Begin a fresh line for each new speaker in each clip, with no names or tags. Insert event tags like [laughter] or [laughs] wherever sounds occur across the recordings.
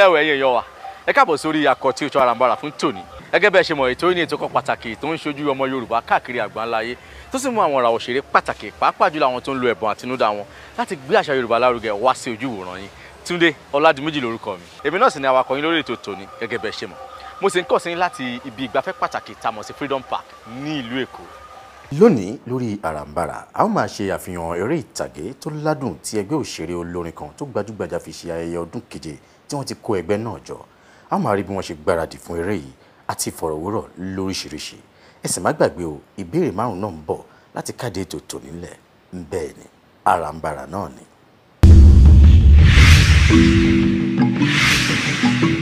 lẹ́wọ̀ ẹ̀yìn ẹ̀yọ́ wa ẹ káàbọ̀ sórí akọ̀tí oṣù àràǹbarà fún tòní gẹ́gẹ́ bẹ́ẹ̀ ṣe mọ̀ ètò ní ètò kan pàtàkì tó ń ṣojú ọmọ Yorùbá káàkiri àgbáńláyé tó sì mú àwọn ọ̀rọ̀ òṣèré pàtàkì pàápàá jùlọ àwọn tó ń lo ẹ̀bùn àtinúdá wọn láti gbé àṣà Yorùbá lárugẹ wá sí ojú wòran yín Túndé Ọládìméjì lórúkọ mi èmi náà sì ni awakọ̀ yín lórí ètò tòní gẹ́gẹ́ bẹ́ẹ̀ ṣe mọ̀ mo sì ń kọ̀ sí láti ibi ìgbafẹ́ pàtàkì tá a mọ̀ sí Freedom Park ní ìlú Èkó lónìí lórí àràǹbarà a ó máa ṣe àfihàn eré ìtàgé tó ládùn tí ẹgbẹ́ òṣèré olórin kan tó gbajúgbajà fi ṣe ayẹyẹ ọdún keje tí wọ́n ti kó ẹgbẹ́ náà jọ a máa rí bí wọ́n ṣe gbáradì fún eré yìí àti ìfọ̀rọ̀wérọ̀ lóríṣiríṣi ẹ sì má gbàgbé o ìbéèrè márùn náà ń bọ̀ láti káde ètò tò bẹ́ẹ̀ ni arambara náà ni. thank you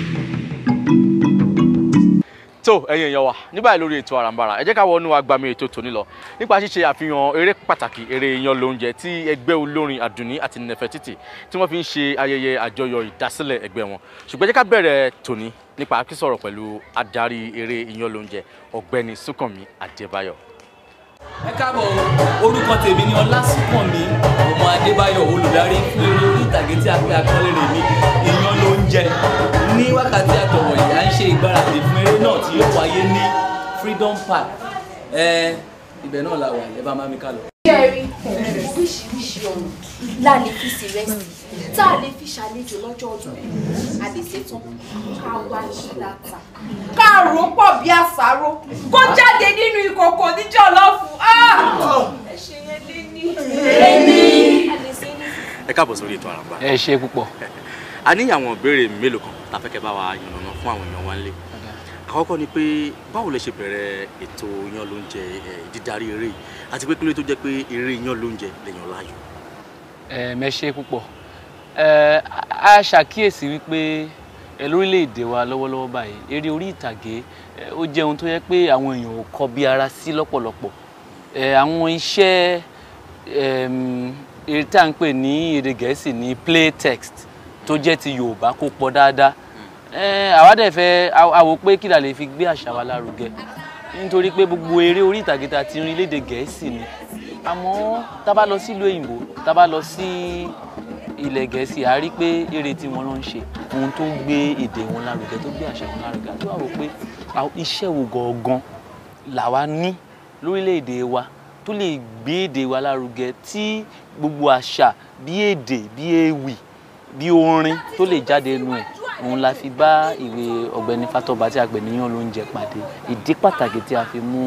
so ẹ̀yin èèyàn wa ní báyìí lórí ètò àràǹbarà ẹ jẹ́ ká wọnú agbami ètò tòní lọ nípa ṣíṣe àfihàn eré pàtàkì eré ìyan lóúnjẹ tí ẹgbẹ́ olórin àdùnní àti nẹfẹtìtì tí wọ́n fi ń ṣe ayẹyẹ àjọyọ̀ ìdásílẹ̀ ẹgbẹ́ wọn ṣùgbọ́n jẹ́ ká bẹ̀rẹ̀ tòní nípa akísọ̀rọ̀ pẹ̀lú adarí eré ìyan lóúnjẹ ọ̀gbẹ́ni Súnkànmí Adébáyọ̀.
ẹ káàbọ̀ orúkọ tèmi ni Ọlásùnkànmí ọmọ Adébáyọ̀ park ibẹ̀ náà la wà ẹ bá máa mi ká lọ. jẹ́rìí oríṣiríṣi ọ̀nà
la lè fi sí rẹ̀ tá a lè fi ṣàlejò lọ́jọ́ ọdún a lè ṣetán ká wá kí láta. ká rò ó pọ̀ bí àṣàrò kó jáde nínú ìkòkò níjọ́ lọ́fù ah! ẹ ṣe yẹn lé ní.
ẹ káàbọ̀ sórí ètò àràǹbá. ẹ ṣe púpọ̀. a ní àwọn mélòó kan tá bá wa yànnàná fún àwọn èèyàn wa nílé àkọ́kọ́ ni pé báwo lẹ ṣe bẹ̀rẹ̀ ètò yan lóúnjẹ dídarí eré yìí àti pé kílódé tó jẹ́ pé eré yan lóúnjẹ lèèyàn láàyò.
ẹ mẹṣẹ púpọ̀ a ṣàkíyèsí wípé lórílẹ̀‐èdè wa lọ́wọ́lọ́wọ́ báyìí eré orí ìtàgé ó jẹ́ ohun tó yẹ pé àwọn èèyàn ò kọ bí ara sí lọ́pọ̀lọpọ̀ àwọn iṣẹ́ eré tá à ń pè ní èdè gẹ̀ẹ́sì ní play text tó jẹ́ ti Yorùbá kó pọ̀ dáadáa àwa dẹ̀ fẹ́ àwò pé kí la lè fi gbé àṣà wa lárugẹ nítorí pé gbogbo eré orí ìtàgé ta ti rin léde gẹ̀ẹ́sì ni àmọ́ tá a bá lọ sílùú òyìnbó tá a bá lọ sí ilẹ̀ gẹ̀ẹ́sì a rí pé eré tí wọ́n lọ ń ṣe ohun tó gbé èdè wọn lárugẹ tó gbé àṣà wọn lárugẹ tó àwò pé iṣẹ́ wo gangan làwa ní lórílẹ̀‐èdè wa tó lè gbé èdè wa lárugẹ tí gbogbo àṣà bí èdè bí ewì bí orin tó lè jáde nù ẹ̀ òun la fi bá ìwé ọ̀gbẹ́ni Fatọ́ba tí a pè ní Yán Lóúnjẹ pàdé ìdí pàtàkì tí a fi mú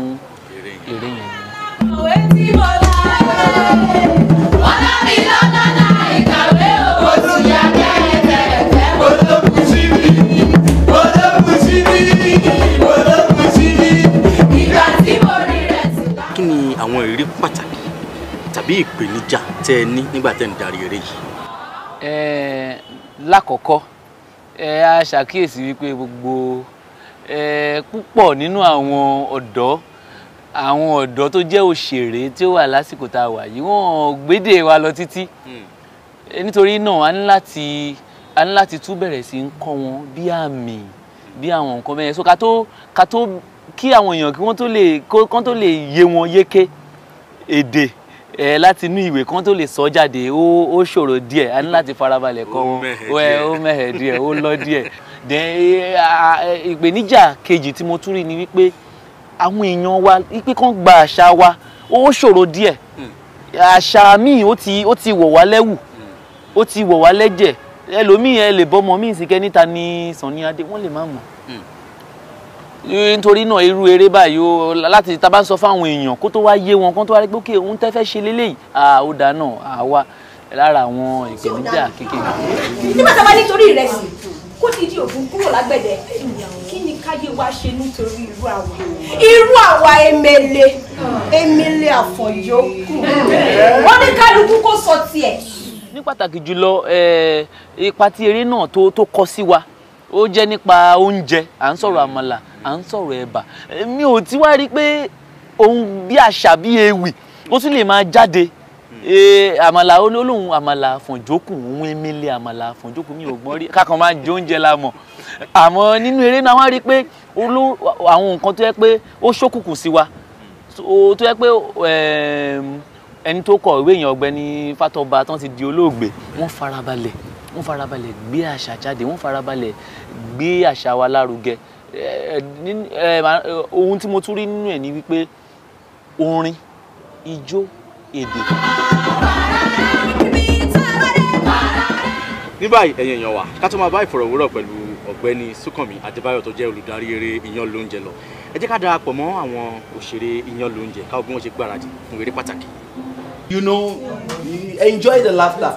eré yẹn ni. ìwé tí
mo bá rẹ̀
wọ́n
kí ni àwọn ìrírí
pàtàkì tàbí ìpèníjà tẹ ẹ ní nígbà tẹ ń darí eré yìí.
ẹ lákọ̀ọ́kọ́ ẹ a ṣàkíyèsí wípé gbogbo ẹ púpọ̀ nínú àwọn ọ̀dọ́ àwọn ọ̀dọ́ tó jẹ́ òṣèré tí ó wà lásìkò tá a wà yìí wọ́n gbédè wa lọ títí hmm. nítorí náà a ní láti a ní láti tún bẹ̀rẹ̀ sí í kọ́ wọn bí àmì bí àwọn nǹkan bẹ́ẹ̀ so ká tó ká tó kí àwọn èèyàn kí wọ́n tó lè kó kán tó lè yé wọn yéké èdè ẹ láti inú ìwé kan tó lè sọ jáde ó ó ṣòro díẹ̀ a ní láti farabalẹ̀ kọ wọn ó mẹhẹ díẹ̀ ó lọ díẹ̀ ìpèníjà kejì tí mo tún rí ni wípé àwọn èèyàn wa wípé kán gba àṣà wa ó ṣòro díẹ̀
hmm.
àṣà míì ó ti ó ti wọ̀ wá lẹ́wù hmm. ó ti wọ̀ wá lẹ́jẹ̀ ẹlòmíì ẹ lè bọ́mọ míì sí kẹ́ níta ní Sunny Adé wọ́n lè má mọ̀ nítorí náà irú eré báyìí o láti tá a bá ń sọ fáwọn èèyàn kó tó wá yé wọn kó tó wá rí pé ókè òun tẹ́ fẹ́ ṣe lélẹ́yìí ó dáná àwa lára àwọn ìpèníjà kékeré. nígbà tá a bá nítorí ìrẹsì
kó ti di òògùn kúrò lágbẹ̀dẹ kí ni káyé wa ṣe nítorí irú àwa irú àwa emele emele àfọ̀yókù wọ́n ní kálukú kó sọ tiẹ̀.
ní pàtàkì jùlọ ipa tí eré náà tó kọ sí wa ó jẹ́ nípa oúnjẹ à ń sọ̀rọ̀ àmàlà à ń sọ̀rọ̀ ẹ̀bà mi ò ti wá rí i pé ohun bí àṣà bí ewì ó tún lè máa jáde e, àmàlà olólùn àmàlà àfọ̀njókù òun emele àmàlà àfọ̀njókù mi ò gbọ́n rí kákan máa jẹ oúnjẹ la mọ̀ àmọ́ nínú eré náà wá rí pé àwọn nǹkan tó yẹ pé ó ṣókùnkùn sí wa tó yẹ pé ẹni tó kọ ìwé èèyàn ọ̀gbẹ́ni Fátọba tán ti di olóògbé wọ́n farabalẹ̀ wọ́n farabalẹ̀ gbé àṣà jáde wọ́n farabalẹ̀ gbé àṣà wa lárugẹ ohun tí mo tún rí nínú ẹ̀ ni wípé orin ijó èdè.
ní báyìí ẹ̀yin èèyàn wa ká tó máa bá ìfọ̀rọ̀wérọ̀ pẹ̀lú ọ̀gbẹ́ni Súnkànmí Adébáyọ̀ tó jẹ́ olùdarí eré Iyán Lóúnjẹ lọ ẹ jẹ́ ká darapọ̀ mọ́ àwọn òṣèré Iyán Lóúnjẹ káwọn bí wọ́n ṣe gbáradì fún eré pàtàkì
you know enjoy the laughter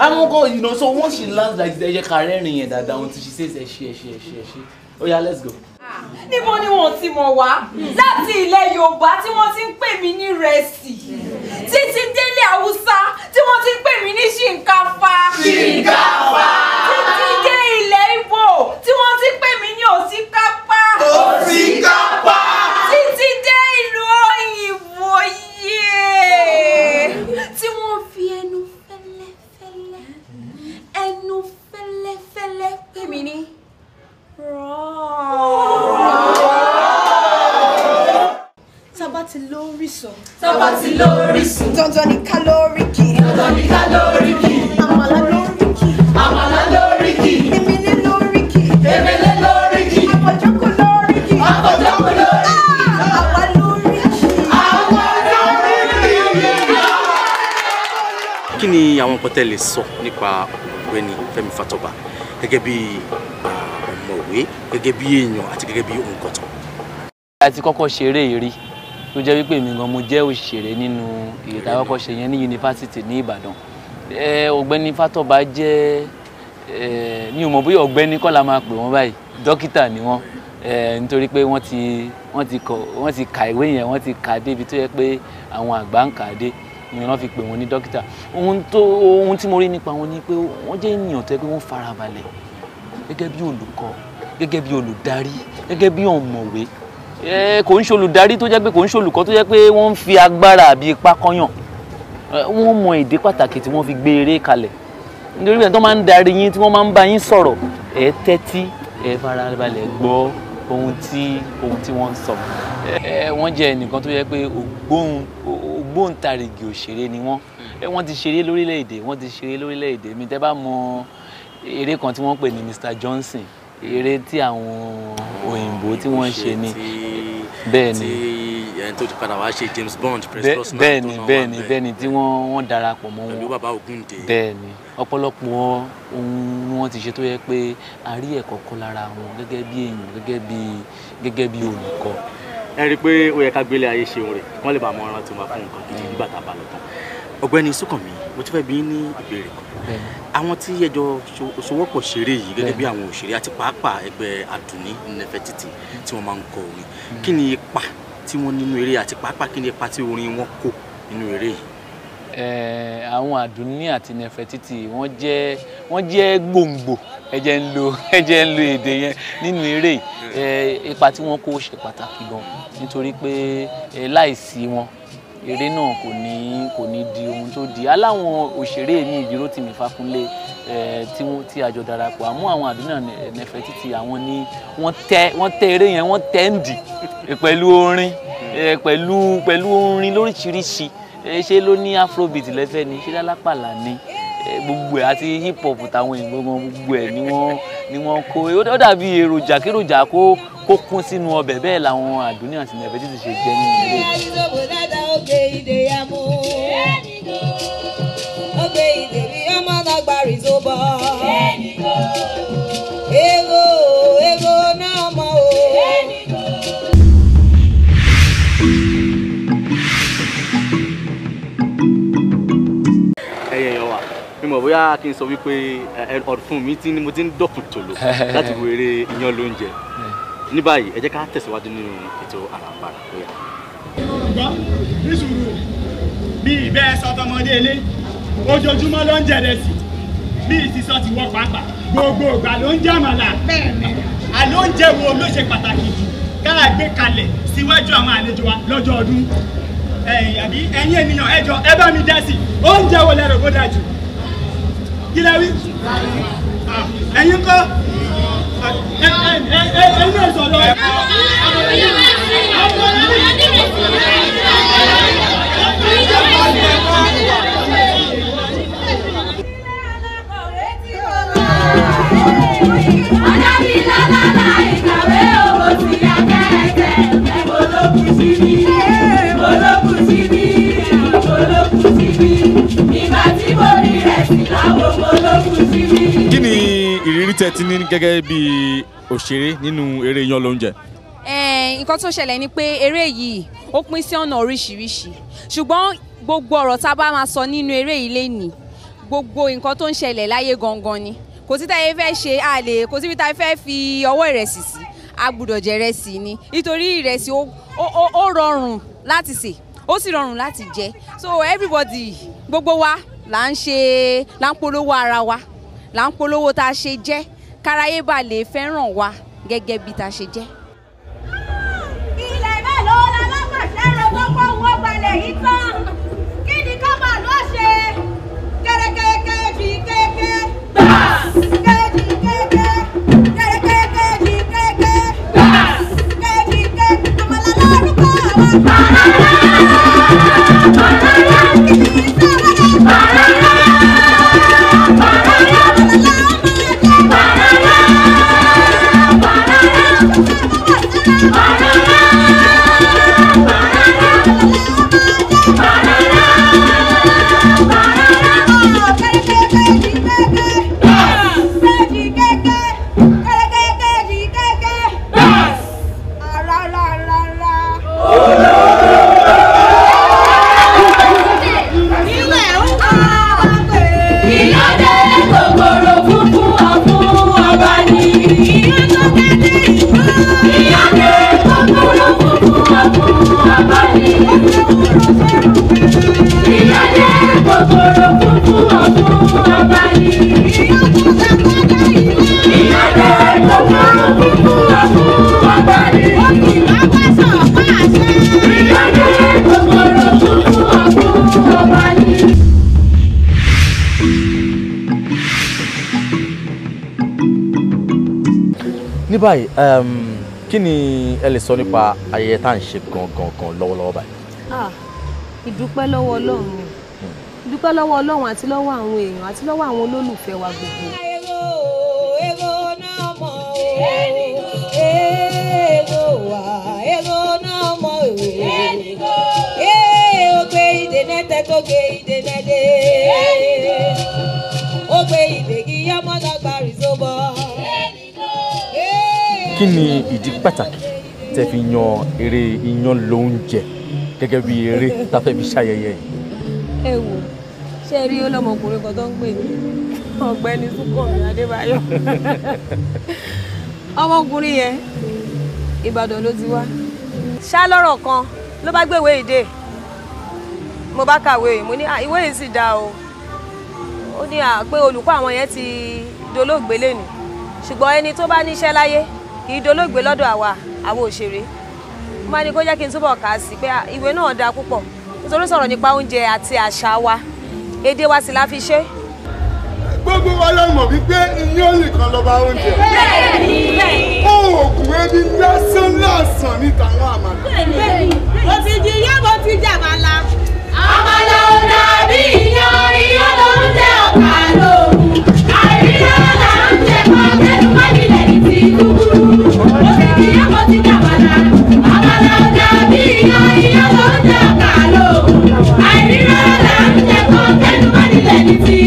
I'm amuko you know so once she lands like ẹ jẹ́ ká rẹ́rìn yẹn dáadáa until she says ẹ ṣe ẹ ṣe oh yeah let's go.
Ah, níbo ni wọn ti mọ̀ wá láti ilẹ̀ yorùbá tí wọ́n ti ń pè mí ní rẹsì títí délé haúsá tí wọ́n ti ń pè mí ní ṣìǹkàfà. ṣìǹkàfà. títí dé ilẹ̀ ìgbò tí wọ́n ti ń pè mí ní òsínkápá. òsínkápá. sọ. sábà ti lórí sùn. dandan ni kálórìkì. dandan ni kálórìkì.
amala lóríkì. àmàlà lóríkì. emele lóríkì. èmẹ̀lẹ̀ lóríkì. àpọ̀jọ́kọ̀ lóríkì. àpọ̀jọ́kọ̀ lóríkì.
àwa lóríkì. àwa lóríkì. kí ni àwọn kan tẹ́ lè sọ nípa ọ̀gbẹ́ni
Fẹ́mi Fatoba gẹ́gẹ́ bí ọmọwé gẹ́gẹ́ bí èèyàn àti gẹ́gẹ́ bí òǹkọ̀tàn. àti kọ́kọ́ ṣeré yìí rí tó jẹ́ wípé mi gan mo jẹ́ òṣèré nínú ìrètà àkọ́kọ́ ṣe yẹn ní yunifásitì ní Ìbàdàn ọ̀gbẹ́ni Fátọ́ba jẹ́ mi ò mọ̀ bóyá ọ̀gbẹ́ni kọ́ la máa pè wọ́n báyìí dókítà ni wọ́n nítorí pé wọ́n ti wọ́n ti kọ wọ́n ti ka ìwé yẹn wọ́n ti kà á débi tó yẹ pé àwọn àgbà ń kà dé ìyẹn wọ́n fi pè wọ́n ní dókítà ohun tí mo rí nípa wọn ni pé wọ́n jẹ́ ènìyàn tó yẹ pé wọ́n farabalẹ̀ gẹ́gẹ́ bí olùkọ́ gẹ́gẹ́ bí olùdarí gẹ́gẹ́ bí ọ̀mọ̀wé kò ń ṣolùdarí tó jẹ́ pé kò ń ṣolùkọ́ tó jẹ́ pé wọ́n ń fi agbára àbí ipá kọ́yàn wọ́n mọ èdè pàtàkì tí wọ́n fi gbé eré kalẹ̀ nítorí bẹ́ẹ̀ tó máa ń darí yín tí wọ́n máa ń bá yín sọ̀rọ̀ ẹ tẹ́tí ẹ farabalẹ̀ gbọ́ ohun tí ohun tí wọ́n ń sọ wọ́n jẹ́ ẹnìkan tó yẹ pé ògbóǹtarìgì òṣèré ni wọ́n wọ́n ti ṣeré lórílẹ̀‐èdè wọ́n ti ṣeré lórílẹ̀‐èdè mi tẹ́ bá mọ eré kan tí wọ́n pè ní Mr Johnson eré tí àwọn òyìnbó tí wọ́n ṣe ni bẹ́ẹ̀ni tí ẹni eh, tó ti padà wá ṣe James Bond Pierce Brosnan bẹ́ẹ̀ni bẹ́ẹ̀ni bẹ́ẹ̀ni tí wọ́n wọ́n darapọ̀ mọ́ wọn pẹ̀lú bàbá Ògúndé bẹ́ẹ̀ni ọ̀pọ̀lọpọ̀ ohun ni wọ́n ti ṣe tó yẹ pé a rí ẹ̀kọ́ kọ́ lára wọn gẹ́gẹ́ bí èèyàn gẹ́gẹ́ bí gẹ́gẹ́ bí olùkọ́.
ẹ rí i pé ó yẹ ká gbélé ayé ṣeun rẹ̀ kí wọ́n lè bá ọmọ ọ̀ràn tó máa fún nǹkan gidi nígbà tá a bá lọ tán ọ̀gbẹ́ni Súnkànmí mo ti fẹ́ bi ní ìbéèrè kan àwọn tí ẹjọ́ sowọ́pọ̀ ṣeré yìí gẹ́gẹ́ bí àwọn òṣèré àti pàápàá ẹgbẹ́ àdùnní nẹfẹtìtì tí wọ́n
máa ń kọ orin hmm. kí ni ipa tí wọ́n nínú eré àti pàápàá kí ni ipa tí orin wọn kó nínú eré yìí. àwọn àdùnní àti nẹfẹtìtì wọ́n jẹ́ wọ́n jẹ́ gbòǹgbò ẹjẹ ń lo [laughs] ẹjẹ ń lo èdè yẹn nínú eré ipa tí wọ́n kó ṣe pàtàkì gan nítorí pé láìsí wọn eré náà kò ní kò ní di ohun tó di aláwọn òṣèré mi ìbíró tìmí Fákúnlé tí tí àjọ darapọ̀ àmọ́ àwọn àdúnà Nefertiti àwọn ni wọ́n tẹ wọ́n tẹ eré yẹn wọ́n tẹ́ ń dì pẹ̀lú orin pẹ̀lú pẹ̀lú orin lóríṣiríṣi ṣé ló ní afrobeat lẹ́fẹ̀ẹ́ ni ṣé lálápàlà ni gbogbo ẹ̀ àti hip hop tàwọn òyìnbó gan gbogbo ẹ̀ ni wọ́n ni wọ́n kó ó dàbí èròjà kéròjà kó kó kún sínú ọbẹ̀ bẹ́ẹ̀ làwọn àdúnyà àti nẹ̀fẹ̀tì ti ṣe jẹ́ nínú ilé.
ọmọ náà gba rìzó bọ́ọ̀.
bóyá kí n sọ wípé eh, ọ̀fun mi ti ni mo ti ń dọ̀kùn tòlò [laughs] láti wo eré iyán lóúnjẹ hmm. ní báyìí ẹ jẹ́ ká tẹ̀síwájú nínú ètò àràǹbarà tó yà.
ṣùgbọ́n nísùúrù bí ìbẹ́ sọtọmọdé ilé ojoojúmọ́ ló ń jẹ̀dẹ̀ sí bí ìsísọ ti wọ pàápàá gbogbo ìgbà ló ń jàmàlà àló ń wo ló ṣe pàtàkì jù káà gbé kalẹ̀ síwájú àwọn àlejò wa lọ́jọ́ ọdún ẹ̀yìn àbí ẹ̀yìn ènìyàn ẹjọ́ ẹ bá mi dá sí oúnjẹ wo lẹ́rọ̀ kó dájú kílẹ̀
Ah, ẹ̀yin kọ́ ah, ẹ̀ kí
ni ìrírí tẹ ti ní gẹ́gẹ́ bí òṣèré nínú eré Iyán Lóúnjẹ.
nǹkan tó ṣẹlẹ̀ ni pé eré yìí ó pín sí ọ̀nà oríṣiríṣi ṣùgbọ́n gbogbo ọ̀rọ̀ tá a bá máa sọ nínú eré yìí lénìí gbogbo nǹkan tó ń ṣẹlẹ̀ láyé gangan ni kò sí táyé fẹ́ ṣe àlè kò síbi táyé fẹ́ fi ọwọ́ ìrẹsì sí agbọ́dọ̀ jẹ ìrẹsì ni nítorí ìrẹsì ó rọrùn láti sè ó sì rọrùn láti jẹ so everybody gbogbo wa là ń ṣe là ń polówó ara wa là ń polówó tá a ṣe jẹ́ káráyé bá lè fẹ́ràn wa gẹ́gẹ́ bí tá a ṣe jẹ́. ilẹ̀ bẹ́ẹ̀ ló la lápàṣẹ rẹ gbogbo owó gbalẹ̀ yìí tán kí ni ká máa lọ ṣe kẹ́rẹ́kẹ́rẹ́kẹ́rẹ́ fi kéèké gbà kéèké kéèké.
báyìí um, kí ni ẹ lè sọ nípa ayẹyẹ tá à ń ṣe gangan lọ́wọ́lọ́wọ́ báyìí.
ìdúpẹ́ lọ́wọ́ ọlọ́run ìdúpẹ́ lọ́wọ́ ọlọ́run àti lọ́wọ́ àwọn èèyàn àti lọ́wọ́ àwọn olólùfẹ́ wa gbogbo. ogbe ìdè kí yọmọ náà gbà rìsóbọ̀
kí ni ìdí pàtàkì tẹ́ fi yan eré iyán lóúnjẹ gẹ́gẹ́ bí eré tá a fẹ́ fi ṣayẹyẹ yìí.
ẹ wò ṣé rí ọlọmọkùnrin kan tó ń pè ní ọ̀gbẹ́ni Súnkànmí Adébáyọ̀ ọmọkùnrin yẹn Ìbàdàn ló ti wá ṣá lọ́rọ̀ kan ló bá gbé ìwé ìdè mo bá kàwé mo ní ìwé yìí sì dáa o ó ní à pé olùkọ́ àwọn yẹn ti dolóògbé lẹ́nu ṣùgbọ́n ẹni tó bá níṣẹ́ láyé kì í dolóògbé lọ́dọ̀ àwa àwọn òṣèré mo máa ní kó jẹ́ kí n túbọ̀ kà á sí pé ìwé náà dáa púpọ̀ nítorí sọ̀rọ̀ nípa oúnjẹ àti àṣà wa èdè wa sì la fi ṣe.
gbogbo wa ló mọ̀ wípé iyán nìkan lọ́ba oúnjẹ.
bẹ́ẹ̀ni oògùn
ebi lásán lásán ní tàwọn àmàlà. bẹ́ẹ̀ni òfìjì yẹn ti jẹ àmàlà. àmàlà ò dàbí iyán iyán ló ń jẹ ọ̀pá lóògùn àìríyá là ń jẹ pàtẹ́lú májèlè ní ti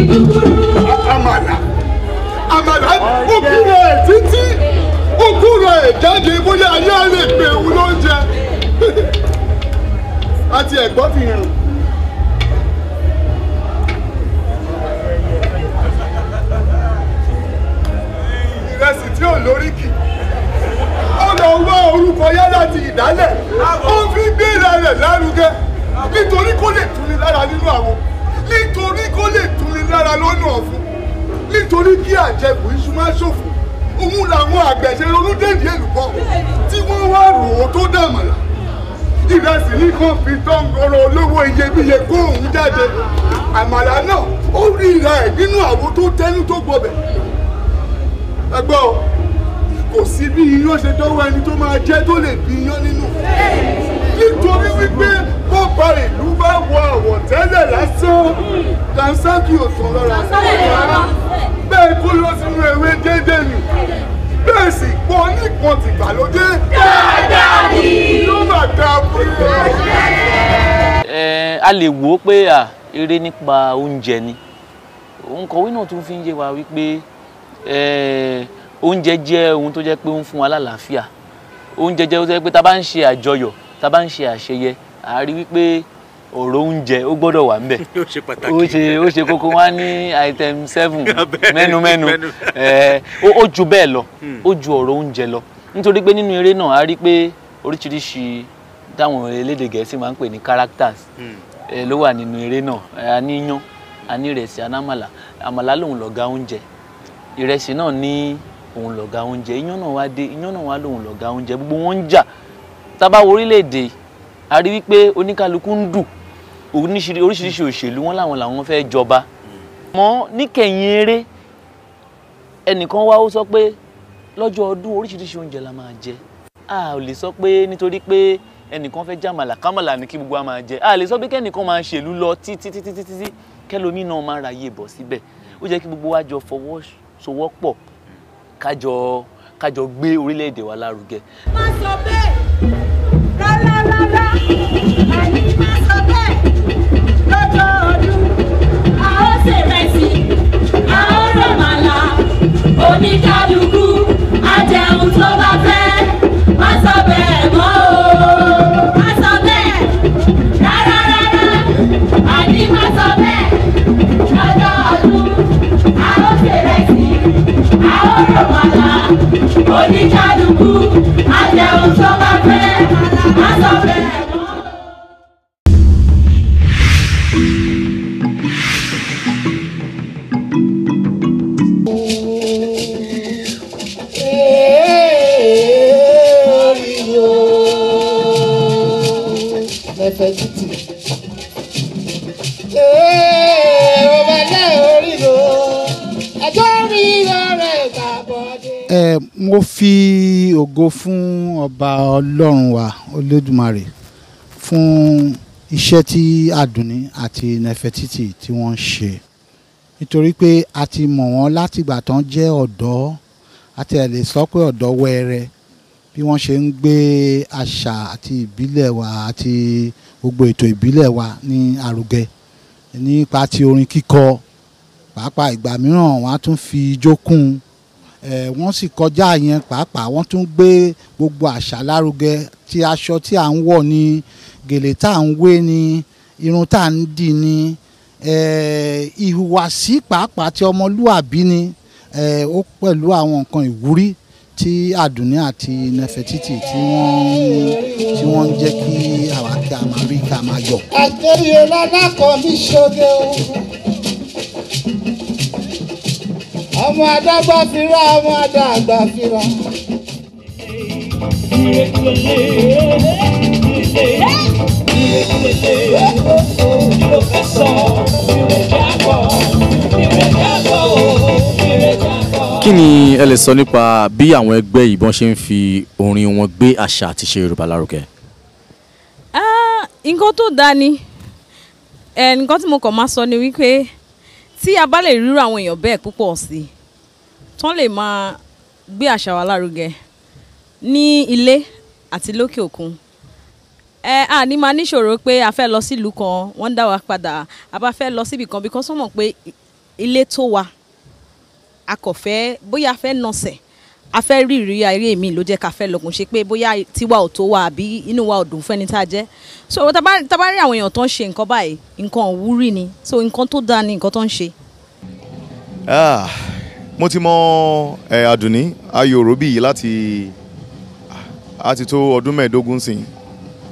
àmàlà
àmàlà òkú rẹ̀ títí òkú rẹ̀ jáde bóyá ayé rẹ̀ pé òun ló ń jẹ àti [laughs] ẹ̀gbọ́n fi hàn. ìrẹsì tí ò lóríkì ó lọ wá orúkọ yá láti ìdálẹ̀ ó fi gbéra rẹ̀ lárugẹ nítorí kó lè tuni lára nínú àwọn nítorí kó lè tuni lára lọ́nà ọ̀fun nítorí kí àjẹkù iṣu má ṣòfò òun làwọn àgbẹ̀ ṣe ronú déèdì èlùbọ́ tí wọ́n wá rò ó tó dàmọ̀là ìrẹsì nìkan fi tán ọrọ̀ olówó iyebíye kó òun jáde àmàlà náà ó rí ìra ẹ̀ nínú àwo tó tẹ́nu tó gbọbẹ̀ ẹgbẹ́ o kò sí bí iyán ṣe dọ́wọ́ ẹni tó máa jẹ́ tó lè bí iyán nínú nítorí wípé bọ́ọ̀bà ìlú bá wù dànsákì ò sọ lọ́ra bẹ́ẹ̀ kú lọ sínú ewé dédé nì bẹ́ẹ̀ sì pọ̀ nìkan tìgbàlódé dáadáa ni yóò bá dáa
fún yẹn.
ẹ a lè wò ó pé à eré nípa oúnjẹ ni òǹkọ̀wé náà tún fi ń yé wa wípé oúnjẹ jẹ́ ohun tó jẹ́ pé ń fún wa lálàáfíà oúnjẹ jẹ́ pé ta bá ń ṣe àjọyọ̀ ta bá ń ṣe àṣeyẹ àárí wípé oro oúnjẹ ó gbọdọ wà ńbẹ̀ [laughs] ó ṣe koko ó ṣe kókó ní item seven mẹ́numẹ́nu [laughs] [laughs] eh, ó ju bẹ́ẹ̀ lọ hmm. ó ju oro oúnjẹ lọ nítorí pé nínú eré náà a rí pé oríṣiríṣi táwọn elédè gẹ̀ẹ́sì máa ń pè ní characters hmm. eh, ló wà nínú eré náà eh, a ni a ni anamala amala lòun lọ̀gá oúnjẹ ìrẹsì náà ní òun oúnjẹ iyán náà wá dé iyán náà wá lòun oúnjẹ gbogbo wọn jà a rí wípé ń dùn oríṣiríṣi òṣèlú wọn làwọn làwọn fẹ́ jọba mọ́ níkẹyìn eré ẹnìkan wá ó sọ pé lọ́jọ́ ọdún oríṣiríṣi oúnjẹ la máa jẹ a ò lè sọ pé nítorí pé ẹnìkan fẹ́ jàmàlà kámàlà ni kí gbogbo wa máa jẹ a lè sọ pé kẹ́nìkan máa ṣèlú lọ títí títí títí kẹlòmíì náà máa ráyè bọ̀ síbẹ̀ ó jẹ́ kí gbogbo wa jọ fọwọ́sowọ́pọ̀ kájọ kájọ gbé orílẹ̀-èdè wa lárugẹ. má sọ bẹ́ẹ̀
rárá rárá àní lọ́dọọdún a ó ṣèrẹsì a ó rọ̀màlà oníkálukú.
ọlọ́run wa olódùmarè fún iṣẹ́ tí àdùnní àti
nẹfẹtítì tí wọ́n ń ṣe nítorí pé a ti mọ̀ wọ́n látìgbà tán jẹ́ ọ̀dọ́ àti ẹ̀ lè sọ pé ọ̀dọ́ wẹ́rẹ́ bí wọ́n ṣe ń gbé àṣà àti ìbílẹ̀ wa àti gbogbo ètò ìbílẹ̀ wa ní àrùgẹ nípa ti orin kíkọ pàápàá ìgbà mìíràn wọ́n á tún fi ijó kún
un wọ́n sì kọjá yẹn pàápàá wọ́n tún gbé gbogbo àṣà lárugẹ
ti aṣọ tí à ń wọ̀ ni gèlè tá à ń wé ni irun tá à ń dì ni ìhùwàsí pàápàá ti ọmọlúàbí ni ó pẹ̀lú àwọn nǹkan ìwúrí tí àdùnní àti nẹfẹtítì tí
wọ́n
tí wọ́n ń jẹ́ kí àwa kí a máa rí kí a máa yọ̀.
àtẹ̀yẹ lálákọ̀ọ́ mi ṣoge o ọmọ adágbà fira ọmọ adágbà fira.
kí ni ẹ lè sọ nípa bí àwọn ẹgbẹ́ ìbọn ṣe ń fi orin wọn gbé àṣà àti ṣe Yorùbá lárugẹ.
Ah, nǹkan tó dáa ni eh, nǹkan tí mo kàn máa sọ ni wípé tí a bá lè ríru àwọn èèyàn bẹ́ẹ̀ púpọ̀ sí i tán lè máa gbé àṣà wa lárugẹ ní ilé àti lókè òkun ẹ a ní máa níṣòro pé a fẹ́ lọ sílùú kan wọ́n ń dá wa padà a bá fẹ́ lọ síbì kan bí kan sọ́mọ̀ pé ilé tó wa a kò fẹ́ bóyá a fẹ́ nọ̀sẹ̀ a fẹ́ ayé mi ló jẹ́ ká fẹ́ lọ́gùn ṣe pé bóyá tiwa ò tó wa àbí inú wa ò dùn fún ẹni tá a jẹ́ so tá bá rí àwọn èèyàn tó ń ṣe nǹkan báyìí nǹkan òwúrì ni so nǹkan tó dáa ni nǹkan tó ń ṣe.
Ah, mo ti mọ Àdùnní Ayọ̀rọ̀bí yìí láti a ti tó ọdún mẹ́ẹ̀ẹ́dógún sìn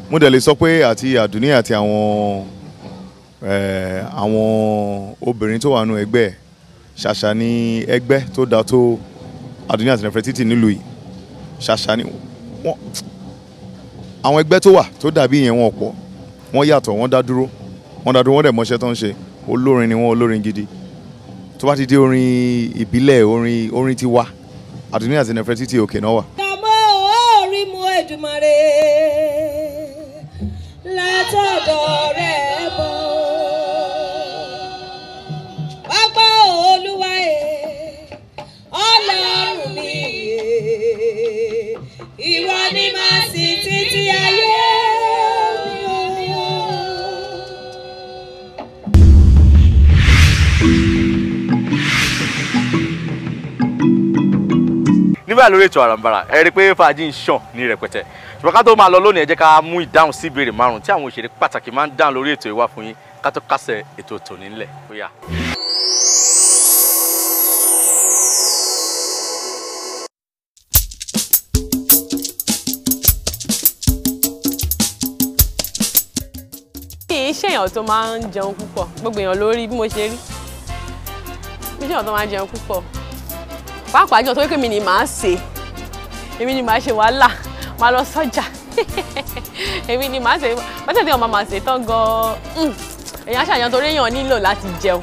mo dẹ̀ lè sọ pé àti Àdùnní àti àwọn àwọn obìnrin tó wà nù ẹgbẹ́ ṣàṣà ni ẹgbẹ́ tó dáa tó. Adúnní àti Nefertiti nílùú yìí ṣàṣà ni wọ́n àwọn ẹgbẹ́ tó wà tó dàbí ìyẹn wọn ọ̀pọ̀ wọ́n yàtọ̀ wọ́n dá dúró wọ́n dá dúró wọ́n dẹ̀ mọṣẹ́ tó ń ṣe olórin ni wọ́n olórin gidi tó bá ti dé orin ìbílẹ̀ orin orin ti wá Adúnní àti Nefertiti òkè náà wà.
àmọ́ orí mu Èdùmàrè látọ̀dọ̀. ní máa sìn
títí ayé.
níbẹ̀ lórí ètò àràǹbarà ẹ rí i pé fàájì ń ṣàn ní rẹpẹtẹ ṣùgbọ́n ká tó máa lọ lónìí ẹ jẹ́ ká mú ìdáhùn sí ìbéèrè márùn-ún tí àwọn òṣèré pàtàkì máa ń dáhùn lórí ètò ìwà fún yín ká tó kásẹ̀ ètò tòní ńlẹ̀ ó yá.
ṣe èèyàn tó máa ń jẹun púpọ̀ gbogbo èèyàn ló rí bí mo ṣe rí mi ṣe èèyàn tó máa ń jẹun púpọ̀ pàápàá jọ tó wípé mi ni màá sè èmi ni màá ṣe wàhálà màá lọ sọ́jà [laughs] èmi ni màá sè pẹ́sẹ̀ tí ọmọ màá sè tán gan-an hmm. èèyàn aṣàyàn torí èèyàn nílò láti jẹun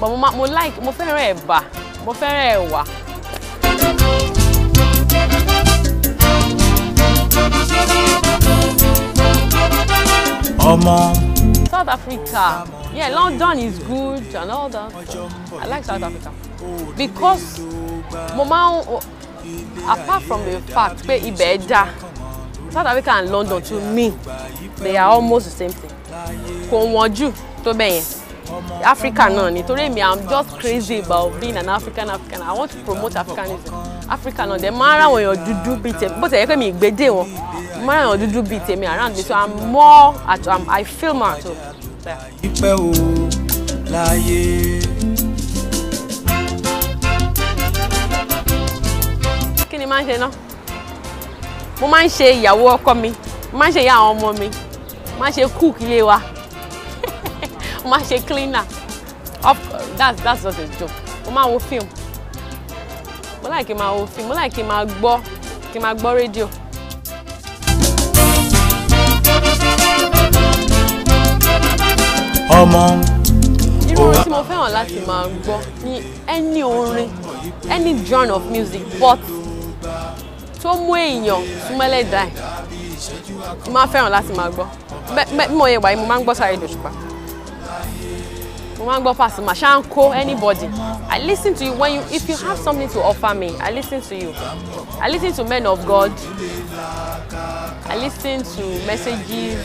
but mo like mo fẹ́ràn ẹ̀bà mo fẹ́ràn ẹ̀wà.
thank you ọmọ. South Africa,
yeah, London is good and all that. I like South Africa because mo máa ń apart from the fact pé ibẹ̀ dá South Africa and London to me they are almost the same thing kò wọ́n jù tó bẹ́ẹ̀ yẹn. Africa náà nítorí èmi I'm just crazy about being an African African I want to promote Africanism. Africa náà dẹ̀ máa ń ráwọn èèyàn dúdú bíi tèmi bó ti pé mi ìgbé wọn máa ń ráwọn dúdú bíi tèmi around me so I'm more at um, I feel more at home. kí ni máa ń ṣe náà mo máa ń ṣe ìyàwó ọkọ mi mo máa ń ṣe ìyá àwọn ọmọ mi mo máa ń ṣe cook ilé wa [laughs] mo máa ń ṣe cleaner of that's that's just a joke mo máa ń wo film mo láì kí n máa wo fíìmù mo láì kí n máa gbọ́ kí n máa gbọ́ rédíò. ọmọ irú tí mo fẹ́ràn láti máa gbọ́ ni any orin any genre of music but tó mú èèyàn súnmọ́lẹ̀ dáì máa fẹ́ràn láti máa gbọ́ bí mo yẹ wáyé mo máa ń gbọ́ Saheed Òṣùpá mo máa ń gbọ́ Pasuma ṣá anybody I listen to you when you if you have something to offer me I listen to you I listen to men of God I listen to messages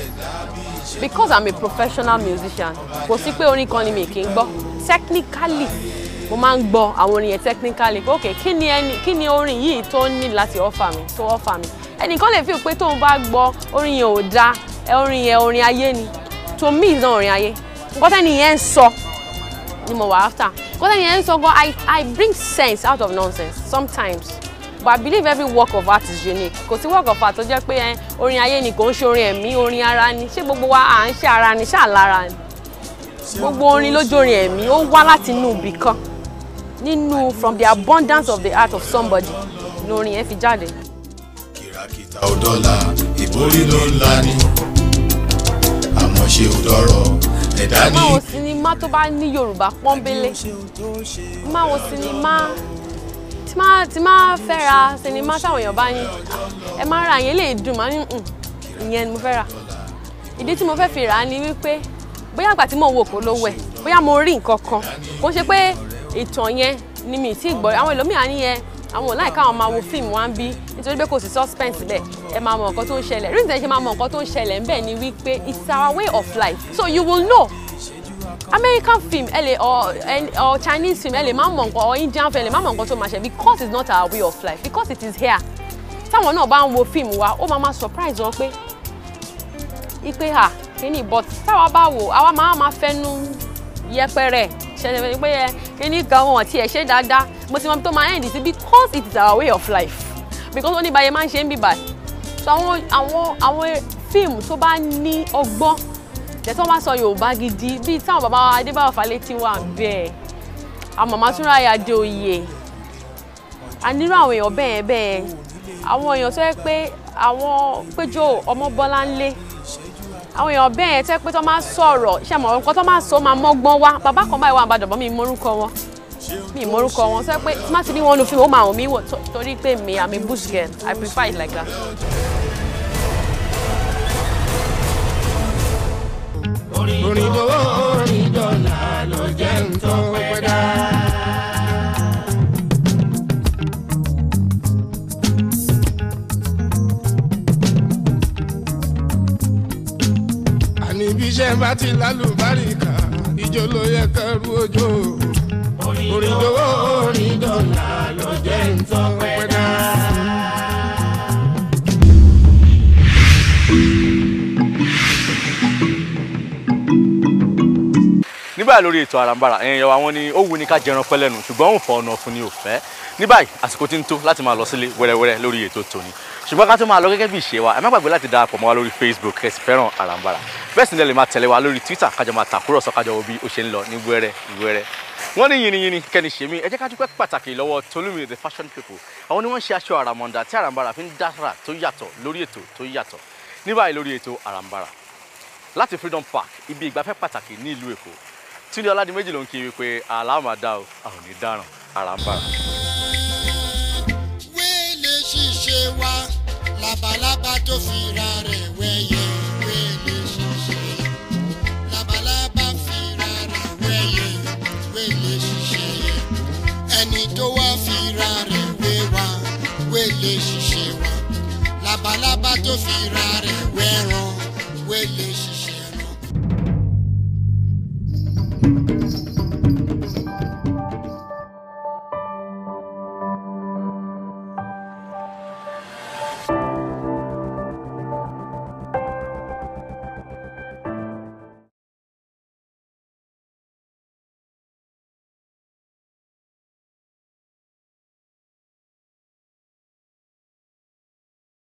because I'm a professional musician kò sí pé orin kan ni mi kì í gbọ́ technically mo máa ń gbọ́ àwọn orin yẹn technically ok kí ni ẹni kí ni orin yìí tó ní láti offer mi tó offer mi ẹnìkan lè fi pé tóun bá gbọ́ orin yẹn ò dáa orin yẹn orin ayé ni to me is not orin ayé kọ́tẹ́ nìyẹn ń sọ ni mo wà after kọ́tẹ́ nìyẹn ń sọ gan I I bring sense out of nonsense sometimes but I believe every work of art is unique kò sí work of art tó jẹ́ pé ẹ eh, orin ayé ni kò ń ṣe orin ẹ̀mí orin ara ni ṣé gbogbo wa à ń ṣe ara ni ṣáà lára ni gbogbo orin lójú orin ẹ̀mí ó wá láti inú ibì kan nínú from the abundance of the heart of somebody lórin yẹn fi jáde.
kìràkìtà ò dọ́là ló ń la àmọ́ ṣe ò dọ́rọ̀ ẹ̀dá ni. má wo
sinimá tó bá ní yorùbá pọ́nbélé má wo sinimá tí má tí má fẹ́ ra sinimá táwọn èèyàn bá yín ẹ má ra yẹn lè dùn má ní ìyẹn ni mo fẹ́ ra ìdí tí mo fẹ́ fi rà á ni wípé bóyá àgbà tí mò ń wo kò lówó ẹ̀ bóyá mo rí nǹkan kan kò ṣe pé ìtàn yẹn ni mi ì tí ì gbọ́ àwọn èlòmíà ní yẹn àwọn ò láìka àwọn máa wo fíìmù wa ń bí nítorí pé kò sí suspense bẹ́ẹ̀ ẹ máa mọ nǹkan tó ń ṣẹlẹ̀ reason tẹ́ ṣe máa mọ nǹkan tó ń ṣẹlẹ̀ ńbẹ̀ ni wípé it's our way of life so you will know American film ẹ lè or or Chinese film ẹ lè máa mọ nǹkan or Indian film ẹ lè máa mọ nǹkan tó máa ṣe because it's not our way of life because it is here táwọn náà bá ń wo fíìmù wa ó máa máa surprise wọn pé ipe ha kí ni but táwa bá wò àwa máa máa fẹnu yẹpẹrẹ ṣẹlẹ̀ pé ẹ kíní kan wọn ti ẹ̀ dáadáa mo ti mọ tó máa end sí because it is our way of life because oníbàyẹ máa ń ṣe ń bìbà so àwọn àwọn àwọn fíìmù tó bá ní ọgbọ́n tẹ̀sán bá sọ Yorùbá gidi bíi táwọn bàbá Adébáyọ̀ Fálétí wà bẹ́ẹ̀ àmàmá tún ráyà dé oyè a nírú àwọn èèyàn bẹ́ẹ̀ bẹ́ẹ̀ àwọn èèyàn tó yẹ pé àwọn péjọ ọmọ Bọ́láńlé àwọn èèyàn bẹ́ẹ̀ tẹ́ pé tó máa sọ̀rọ̀ ṣé àmọ̀ nǹkan tó máa sọ máa mọ́gbọ́n wá bàbá kan báyìí wà àbàdàn mi mórúkọ wọn mi mórúkọ wọn sọ pé má ti ní wọn lu fíìmù ó máa hàn mí wò torí pé mi I'm a bush girl I prefer it like that.
orin tó orin dọ́là ló jẹ́ ń tọ́ pẹ́ dáa.
níbi iṣẹ́ bá ti lálùbáríkà ìjó ló yẹ kẹrù ojó. orin dọ́wọ́ orin dọ́là
ló jẹ́ ntọ́pẹ́ dá.
nígbà lórí ètò àràǹbarà ẹ̀yìn yọ àwọn ni ó wù ní ká jẹran pẹ́ ṣùgbọ́n òun fọ ọ̀nà ọ̀fun ni ò fẹ́ ní báyìí àsìkò tí ń tó láti máa lọ sílé wẹ́rẹ́wẹ́rẹ́ lórí ètò tòní ṣùgbọ́n ká tó máa lọ gẹ́gẹ́ bí ìṣe wa ẹ má gbàgbé láti darapọ̀ mọ́ wa lórí Facebook kẹ́sì fẹ́ràn àràǹbarà bẹ́ẹ̀ sì ni ẹ lè máa tẹ̀lé wa lórí Twitter kájọ máa tàkúrọ̀sọ kájọ wo bí ó ṣe ń lọ ní wẹ́rẹ́ wẹ́rẹ́ wọ́n ní yìnyínyìnyín kẹ́ni ṣe mí ẹ jẹ́ ká pàtàkì lọ́wọ́ Tolúmi the fashion people àwọn ni wọ́n ṣe aṣọ àràmọ̀ǹdà tí àràǹbarà fi ń dára tó yàtọ̀ lórí ètò tó yàtọ̀ ní báyìí lórí ètò àràǹbarà láti Freedom Park ibi ìgbafẹ́ pàtàkì ní ìlú Èkó Túndé Ọládìméjì ló ń kiri pé àlàmàdà ò àwọn ò ní dáràn àràǹbarà.
wẹ́ẹ̀lẹ̀ ṣiṣẹ́ wa tó fi
ra rẹ̀ wẹ́yẹ.
wélé ṣiṣẹ́ wa labalábá tó fi ra rẹ̀ wẹ́ran wélé ṣiṣẹ́.